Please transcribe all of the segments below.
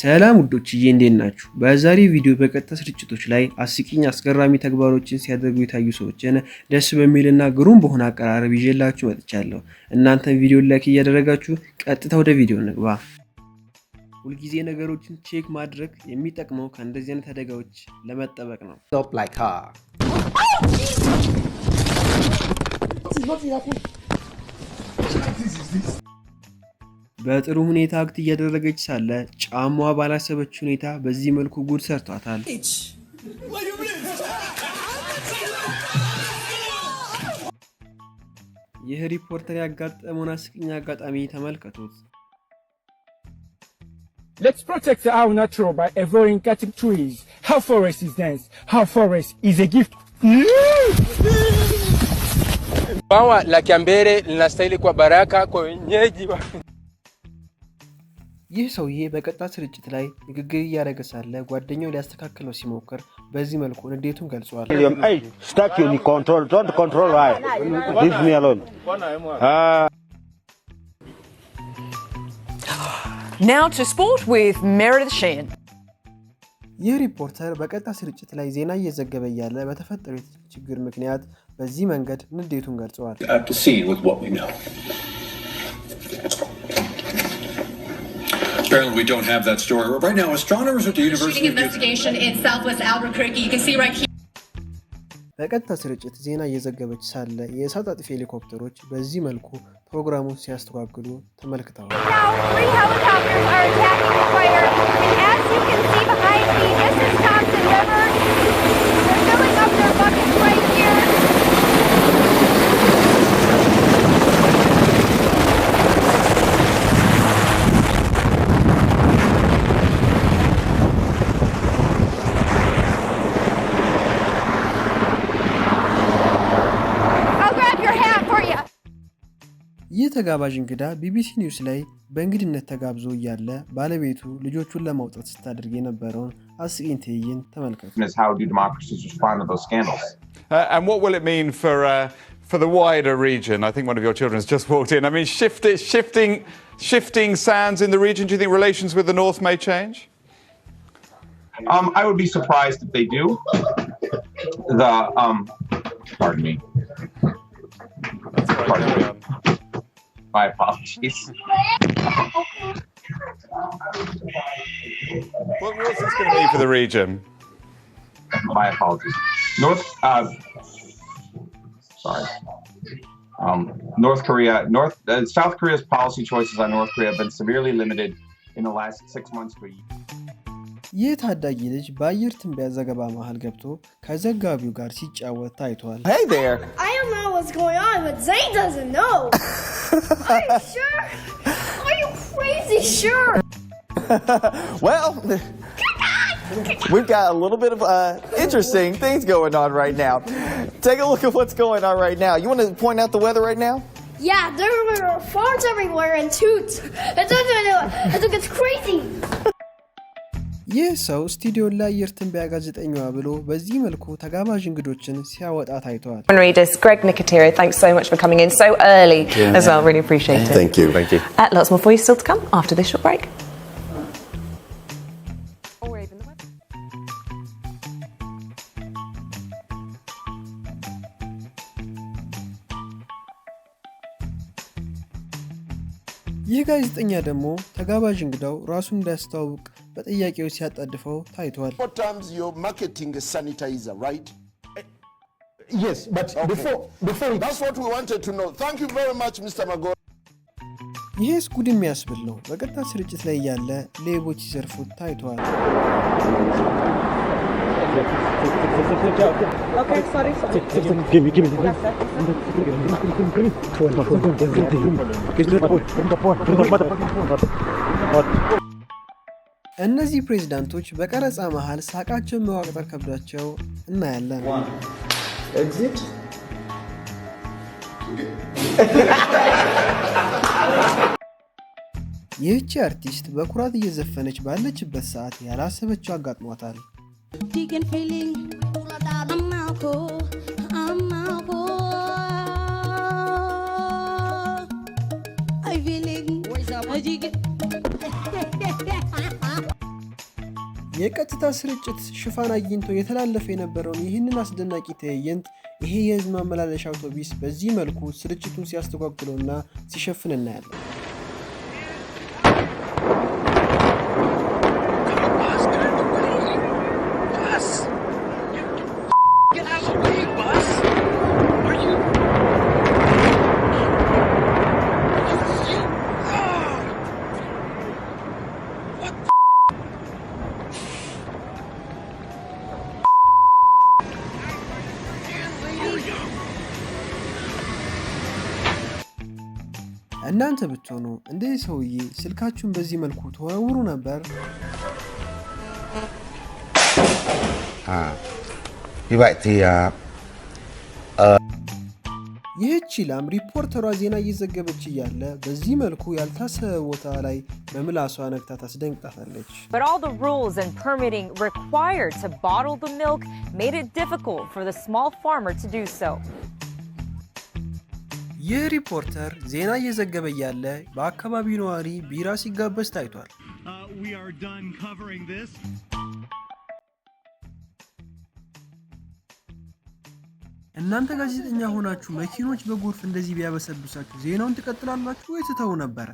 ሰላም ውዶችዬ እንዴት ናችሁ? በዛሬ ቪዲዮ በቀጥታ ስርጭቶች ላይ አስቂኝ አስገራሚ ተግባሮችን ሲያደርጉ የታዩ ሰዎችን ደስ በሚልና ግሩም በሆነ አቀራረብ ይዤላችሁ መጥቻለሁ። እናንተን ቪዲዮ ላይክ እያደረጋችሁ ቀጥታ ወደ ቪዲዮ እንግባ። ሁልጊዜ ነገሮችን ቼክ ማድረግ የሚጠቅመው ከእንደዚህ አይነት አደጋዎች ለመጠበቅ ነው። በጥሩ ሁኔታ አክት እያደረገች ሳለ ጫማዋ ባላሰበች ሁኔታ በዚህ መልኩ ጉድ ሰርቷታል። ይህ ሪፖርተር ያጋጠመውን አስቂኝ አጋጣሚ ተመልከቱት። Let's protect our natural by avoiding cutting trees. How forest is dense, how forest is a gift. Bawa la Kiambere linastahili kwa baraka kwa wenyeji ይህ ሰውዬ በቀጥታ ስርጭት ላይ ንግግር እያደረገ ሳለ ጓደኛው ሊያስተካክለው ሲሞክር በዚህ መልኩ ንዴቱን ገልጿል። ይህ ሪፖርተር በቀጥታ ስርጭት ላይ ዜና እየዘገበ እያለ በተፈጠሩ ችግር ምክንያት በዚህ መንገድ ንዴቱን ገልጸዋል። Apparently, we don't have that story. Right now, astronomers at the University of investigation in Southwest Albuquerque. You can see right here. በቀጥታ ስርጭት ዜና እየዘገበች ሳለ የእሳት አጥፊ ሄሊኮፕተሮች በዚህ መልኩ ፕሮግራሙን ሲያስተጓግሉ ተመልክተዋል። ይህ ተጋባዥ እንግዳ ቢቢሲ ኒውስ ላይ በእንግድነት ተጋብዞ እያለ ባለቤቱ ልጆቹን ለማውጣት ስታደርግ የነበረውን አስቂኝ ትዕይንት ተመልከቱ። uh, uh, for the wider region. I think one of your children's just walked in. I mean, shift it, shifting, shifting sands in the region. Do you think relations with the North may change? Um, I would be surprised if they do. The um, pardon me. pardon me. My apologies. what was this going to be for the region? My apologies. North. Uh, sorry. Um, North Korea, North, uh, South Korea's policy choices on North Korea have been severely limited in the last six months to a year. ይህ ታዳጊ ልጅ በአየር ትንበያ ዘገባ sure? ገብቶ ከዘጋቢው ጋር ሲጫወት ታይቷል። We've got a little bit of uh, interesting things going on right now. Take a look at what's going on right now. You want to point out the weather right now? Yeah, there were farts everywhere and toots. It's think it's ይህ ሰው ስቱዲዮን ላይ የአየር ትንበያ ጋዜጠኛዋ ብሎ በዚህ መልኩ ተጋባዥ እንግዶችን ሲያወጣ ታይተዋል። uh, ይህ ጋዜጠኛ ደግሞ ተጋባዥ እንግዳው ራሱን እንዳያስተዋውቅ በጥያቄው ሲያጣድፈው ታይቷል። ይሄስ ጉድ የሚያስብል ነው። በቀጥታ ስርጭት ላይ ያለ ሌቦች ሲዘርፉት ታይቷል። እነዚህ ፕሬዚዳንቶች በቀረጻ መሃል ሳቃቸውን መዋቅጠር ከብዷቸው እናያለን። ይህቺ አርቲስት በኩራት እየዘፈነች ባለችበት ሰዓት ያላሰበችው አጋጥሟታል። የቀጥታ ስርጭት ሽፋን አግኝቶ የተላለፈ የነበረውን ይህንን አስደናቂ ትዕይንት ይሄ የህዝብ ማመላለሻ አውቶቢስ በዚህ መልኩ ስርጭቱን ሲያስተጓጉለውና ሲሸፍን እናያለን። እናንተ ብትሆኑ እንደዚህ ሰውዬ ስልካችሁን በዚህ መልኩ ተወረውሩ ነበር? ይህቺ ላም ሪፖርተሯ ዜና እየዘገበች እያለ በዚህ መልኩ ያልታሰበ ቦታ ላይ በምላሷ ነግታ ታስደንቅጣታለች። ሪፖርተሯ ይህ ሪፖርተር ዜና እየዘገበ ያለ በአካባቢው ነዋሪ ቢራ ሲጋበዝ ታይቷል። uh, እናንተ ጋዜጠኛ ሆናችሁ መኪኖች በጎርፍ እንደዚህ ቢያበሰብሳችሁ ዜናውን ትቀጥላላችሁ ወይ ትተው ነበረ?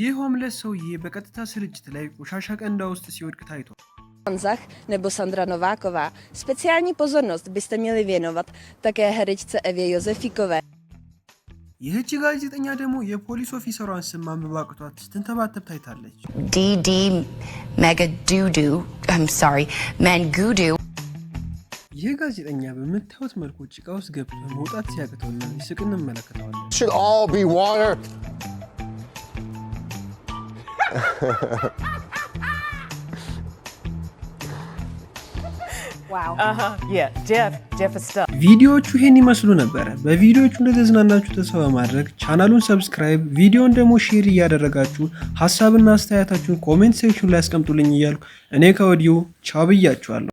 ይህ ሆምለስ ሰውዬ በቀጥታ ስርጭት ላይ ቆሻሻ ቀንዳ ውስጥ ሲወድቅ ታይቷል። Pan Zach nebo Sandra Nováková. Speciální pozornost byste měli věnovat také herečce Evě Josefikové. ይህች ጋዜጠኛ ደግሞ የፖሊስ ኦፊሰሯን ስም ማንበብ አቅቷት ስትንተባተብ ታይታለች። ዲዲ መገዱዱ ሶሪ መንጉዱ ይህ ጋዜጠኛ በምታዩት መልኩ ጭቃ ውስጥ ገብቶ መውጣት ሲያቅተውና ሲስቅ እንመለከተዋለን። Uh-huh. ቪዲዮዎቹ ይሄን ይመስሉ ነበረ። በቪዲዮዎቹ እንደተዝናናችሁ ተስፋ በማድረግ ቻናሉን ሰብስክራይብ፣ ቪዲዮን ደግሞ ሼር እያደረጋችሁ ሀሳብና አስተያየታችሁን ኮሜንት ሴክሽን ላይ ያስቀምጡልኝ እያልኩ እኔ ከወዲሁ ቻው ብያችኋለሁ።